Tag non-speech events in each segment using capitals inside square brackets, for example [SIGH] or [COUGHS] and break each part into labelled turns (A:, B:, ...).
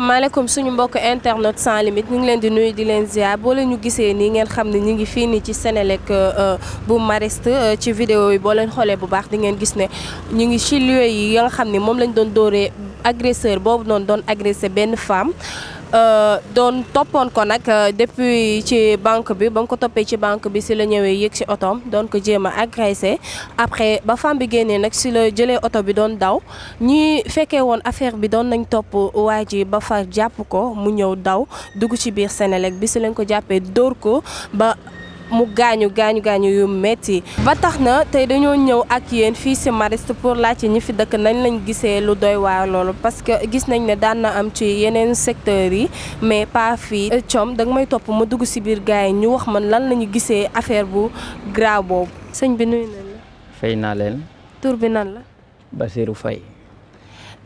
A: maaleykum suñu mbokk internet sans limite ñu ngi leen di nuyu di leen ziar boo leen ñu gisee nii ngeen xam ne ñu ngi fii nii ci Sénélec euh, euh, bu Mariste euh, ci vidéo yi boo leen xoolee bu baax di ngeen gis ne ñu ngi ci lieu yi ya nga xam ni moom lañ doon dóoree agresseur boobu noonu doon agressé benn femme Euh, doon toppoon ko nag euh, depuis ci banque bi ba mu ko toppee ci banque bi si la ñëwee yéeg si otoom doon ko jéem a agressé après ba femme bi génnee nag si la jëlee oto bi doon daw ñi fekkee woon affaire bi doon nañ topp waa ji ba far jàpp ko mu ñëw daw dugg ci biir Sénélec bi si lañ ko jàppee dóor ko ba mu gaañu gaañu gaañu yu metti ba tax na tey dañoo ñëw ak yéen fii si Mariste pour laajte ñi fi dëkk nañ lañ gisee lu doy waar loolu parce que gis nañ ne daan na am ci yeneen secteurs yi mais pas fii Thiom danga may topp ma dugg si biir gars yi ñu wax man lan lañu gisee affaire bu grave boobu. sëñ bi nuyu nañ la.
B: fay naa leen.
A: tur bi nan la.
B: Basirou Faye.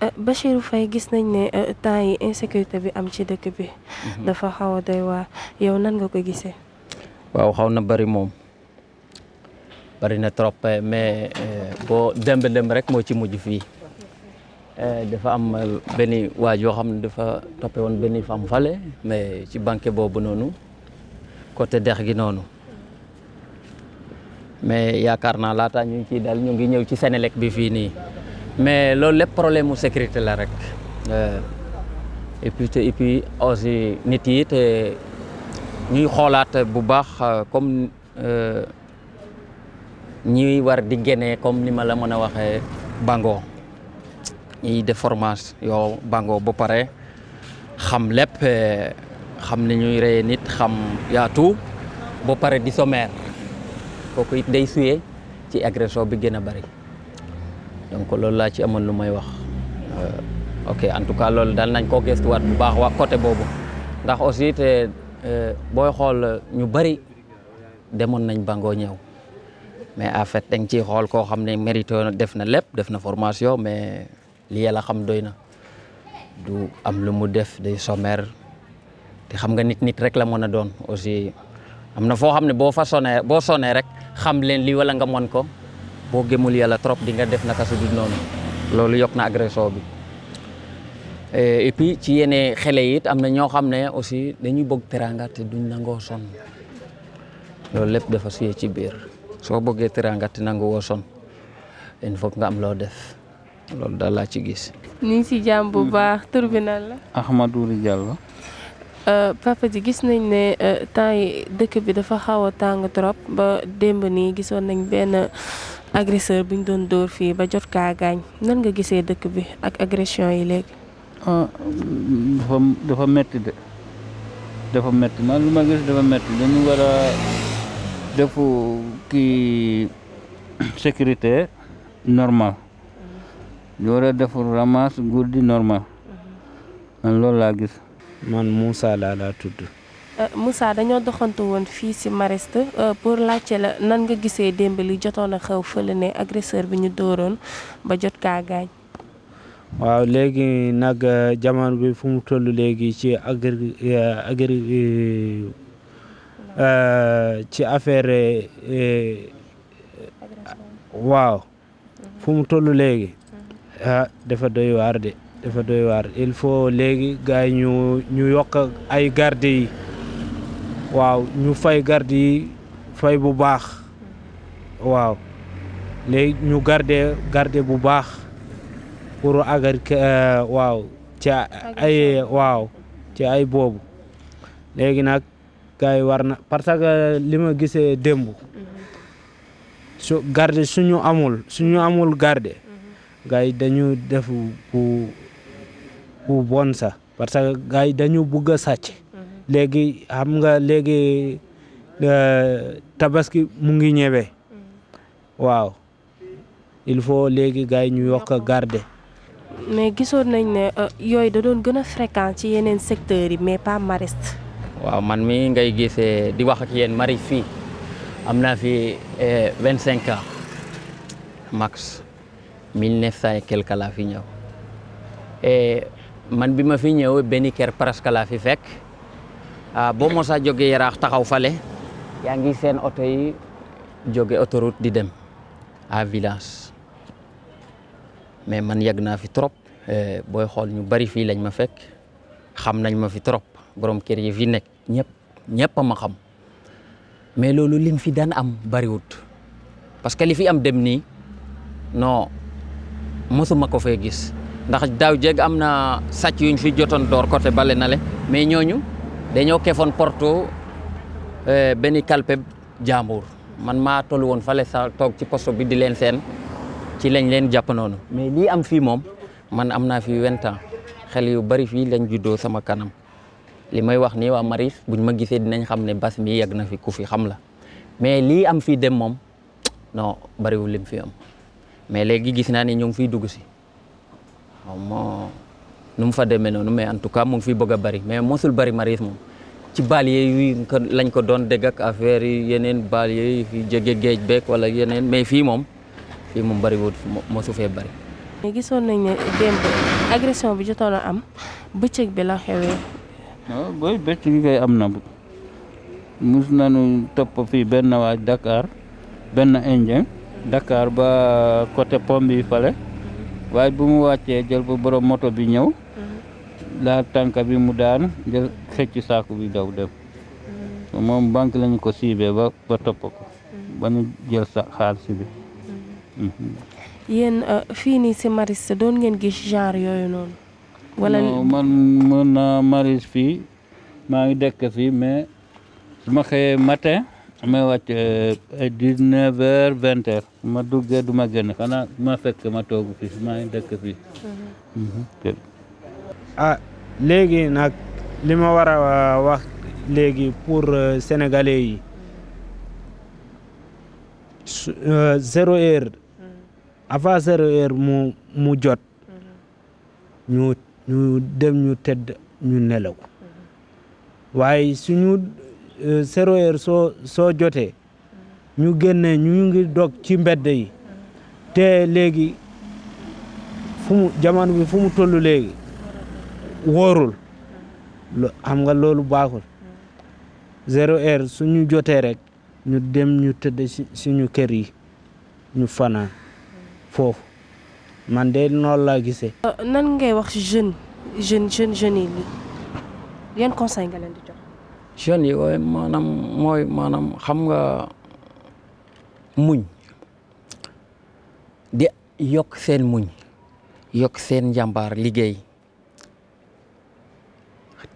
A: Euh, Bachirou fay gis nañ ne euh, temps yi insécurité bi am ci dëkk bi. Mhm. dafa xaw a doy waa yow nan nga ko gisee.
B: waaw xaw na bëri moom bari na trop eh, mais eh, boo demb demb rek moo ci mujj fii eh, dafa am benn waaj yoo xam ne dafa toppe woon benn femme fale mais ci banque boobu noonu côté dex gi noonu mais yaakaar naa laata ñu ngi ciy dal ñu ngi ñëw ci lekk bi fii nii mais loolu lépp problème mu sécurité la rek et puis te aussi nit yi ñuy xoolaat bu baax euh, comme euh, ñuy war di génnee comme ni ma la mën a waxee bango ñuy def formation yow bango ba pare xam lépp xam ni ñuy reye nit xam yaatu ba pare di sommaire kooku it day suyee ci agression bi gën a bari donc loolu laa ci amoon lu may wax euh, ok en tout cas loolu daal nañ koo gëstuwaat bu baax waa côté boobu ndax aussi te Euh, booy xool euh, ñu bari demoon nañ bangoo ñëw mais en fait da ciy xool koo xam ne mérito na def na lépp def na formation mais li yàlla xam doy na du am lu mu def day sommaire te xam nga nit nit rek la mën a doon aussi am na foo xam ne boo fa sonee boo sonee rek xam leen lii wala nga mën ko boo gëmul yàlla trop di nga def naka su dul loolu yokk na agression bi Euh, et puis ci yenee xele yi am na ñoo xam ne aussi dañuy bëgg teranga te duñ nangoo sonn loolu lépp dafa suyee ci biir soo bëggee teranga te nanguwoo sonn il nga am loo def loolu daal laa ci gis.
A: ñu ngi si jàmm bu baax tur bi nan la.
B: Ahmadou Diallo.
A: Euh, papa ji gis nañ ne euh, temps yi dëkk bi dafa xaw a tàng trop ba démb ni gisoon nañ benn agresseur bu ñu doon dóor fii ba jot kaa gaañ nan nga gisee dëkk bi ak agression yi léegi.
C: dafa metti de dafa metti man lu ma gis dafa metti dañu war a def kii [COUGHS] sécurité normal ñu war a def ramasse guddi normal man loolu laa gis. man Moussa laa laa
D: tudd.
A: Euh, Moussa dañoo doxantu woon fii si Mariste euh, pour laajte la nan nga gisee démb jotoon a xew fële ne agresseur bi ñu dóoroon ba jot kaa gaañ.
D: waaw léegi nag eh, jamono bi fu mu toll léegi ci agri eh, agri eh, ci affaire waaw fu mu toll léegi mhm. ah, dafa doy waar de dafa doy waar il faut léegi gars ñu ñu yokk ay garde yi waaw ñu fay garde yi fay bu baax mhm. waaw ñu garde garde bu baax pour agar eh, waaw ay waaw ci ay boobu léegi nag gars yi war na parce que li ma gisee démb su garde suñu amul suñu amul garde gars yi dañu def bu bu bon sax parce que gars yi dañu bugg a sàcc léegi xam nga léegi eh, tabaski mu ngi ñëwee mm. waaw il faut léegi gars yi ñu yokk garde
A: mais gisoon nañ ne euh, yooyu da doon gën a fréquent ci yeneen secteurs yi mais pas mariste.
B: waaw man mi ngay gisee di wax ak yéen mari fii am naa fi eh, vingt cinq ans max mille neuf cent et quelque laa fi ñëw eh, man bi ma fi ñëw benn kër presque laa fi fekk ah, boo mosaa jógee yaraax taxaw fale yaa ngi seen oto yi jóge autoroute di dem à village mais man yàgg naa fi trop eh, booy xool ñu bari fii lañ ma fekk xam nañ ma fi trop borom kër yi fi nekk ñëpp ñëpp ma xam mais loolu lim fi daan am bariwut parce que li fi am dem nii non mosuma ko fee gis ndax daaw jeg am na sàcc yuñ fi jotoon door côté bale na le mais ñooñu dañoo kefoon porto eh, benn kalpe jaambur man maa tollu woon fale sa toog ci posto bi di leen seen ci lañ leen jàpp noonu mais lii am fii moom man am naa fi vingt ans xel yu bari fii lañ doo sama kanam li may wax ni waa Maris buñ ma gisee dinañ xam ne bas mi yàgg na fi ku fi xam la mais lii am fii dem moom non bariwul lim fi am mais léegi gis naa ni ñu ngi fiy dugg si xaw ma nu fa demee noonu mais en tout cas mu ngi fiy bëgg a bari mais mosul bari Maris moom ci baal yooyu lañ ko doon dégg ak affaire yi yeneen baal yooyu fi jege géej beek wala yeneen mais fii moom. fii moom bëriwul moo su fee bëri.
A: gisoon nañ ne démb agression bi jotoon a am bëccëg bi la xewee.
B: Ah, booy bëccëg
C: yi am na bu mus nanu topp fii benn waaj dakaar benn indien dakaar ba côté pom bi fale waaye bu mu wàccee jël ba borom moto bi ñëw laa tànk bi mu daan jël xëcc saaku bi daw dem mm. moom banque lañu ko siibee ba ba topp mm. ba ñu jël xaalis bi
A: yéen euh, fii nii si Maristes doon ngeen gis genre yooyu noonu. wala man
C: mën naa maris fii maa ngi dëkk fii mais su ma xëyee matin may wàcc euh, ay dix heures vingt heures ma duggee du ma génn xanaa ma fekk ma toogu fii maa ngi dëkk fii. Mhm.
D: ah léegi nag li ma war a euh, wax léegi pour sénégalais yi zéro heure. avant zéro heure mu jot ñu ñu dem ñu tëdd ñu nelaw waaye suñu euh, zéro heure soo soo jotee ñu génne ñu ngi dog ci mbedd yi te léegi fu mu jamono bi fu mu tollu léegi wóorul xam nga loolu baaxul zéro heure suñu jotee rek ñu dem ñu tëdd suñu kër yi ñu fanaan foofu man de noonu laa gisee.
A: Euh, nan ngay wax jeune jeune jeune jeune yi lii yan conseil nga leen di jox.
B: jeunes yi waaye maanaam mooy maanaam xam nga muñ di yokk seen muñ yokk seen njàmbaar liggéey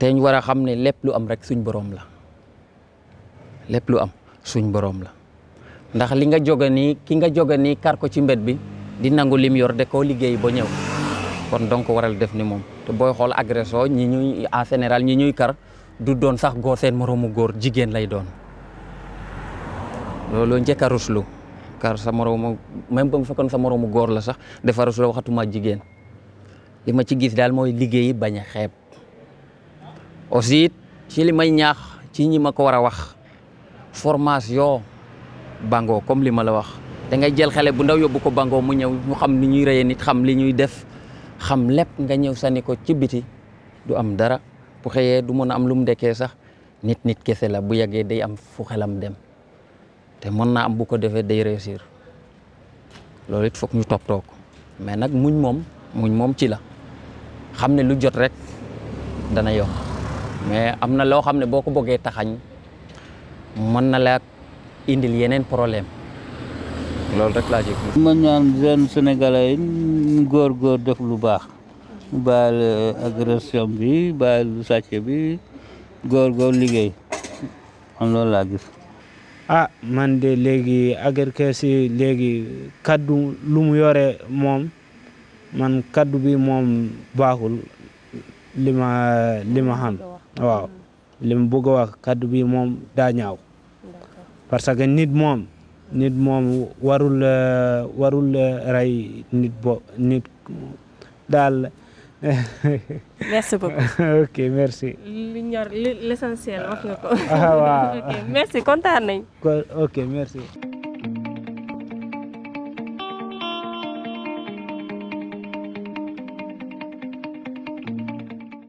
B: teñ war a xam ne lépp lu am rek suñ boroom la lépp lu am suñ boroom la ndax li nga jóge nii ki nga jóge nii kar ko ci mbet bi di nangu lim yor de koo liggéey boo ñëw kon donc waral def ni moom te booy xool agression ñi ñuy en général ñi ñuy kar du doon sax góor seen moroomu góor jigéen lay doon loolu njëkk a ruslu car sa moroomu même ba mu fekkoon sa moroomu góor la sax dafa ruslu waxatuma jigéen li ma ci gis daal mooy liggéeyi bañ a xeeb aussi ci li may ñaax ci ñi ma ko war a wax formation bangoo comme li ma la wax da ngay jël xale bu ndaw yóbbu ko bangoo mu ñëw ñu xam ni ñuy reyee nit xam li ñuy def xam lépp nga ñëw sànni ko ci biti du am dara bu xëyee du mën a am lu mu ndekkee sax nit nit kese la bu yàggee day am fu xelam dem te mën naa am bu ko defee day réussir loolu it foog ñu toppatoo ko mais nag muñ moom muñ moom ci la xam ne lu jot rek dana yokk mais am na loo xam ne boo ko bëggee taxañ mën na la indil yeneen problème loolu rek laa ci ma ñaan jeune sénégalais yi góor góor def lu
C: baax bàyyil euh, agression bi bàyyil lu bi góor
D: góor liggéey am loolu gis ah man de léegi agriculture léegi kaddu lu mu yore moom man kaddu bi moom baaxul li ma li waaw li ma a wax kaddu bi moom daa ñaaw nit moom nit moom warul euh, warul euh, rey nit bo daal. [LAUGHS] merci beaucoup. [LAUGHS] ok merci.
A: li ñor l'essentiel wax nga ko. Ah, [LAUGHS] merci kontaan nañ.
D: ok merci.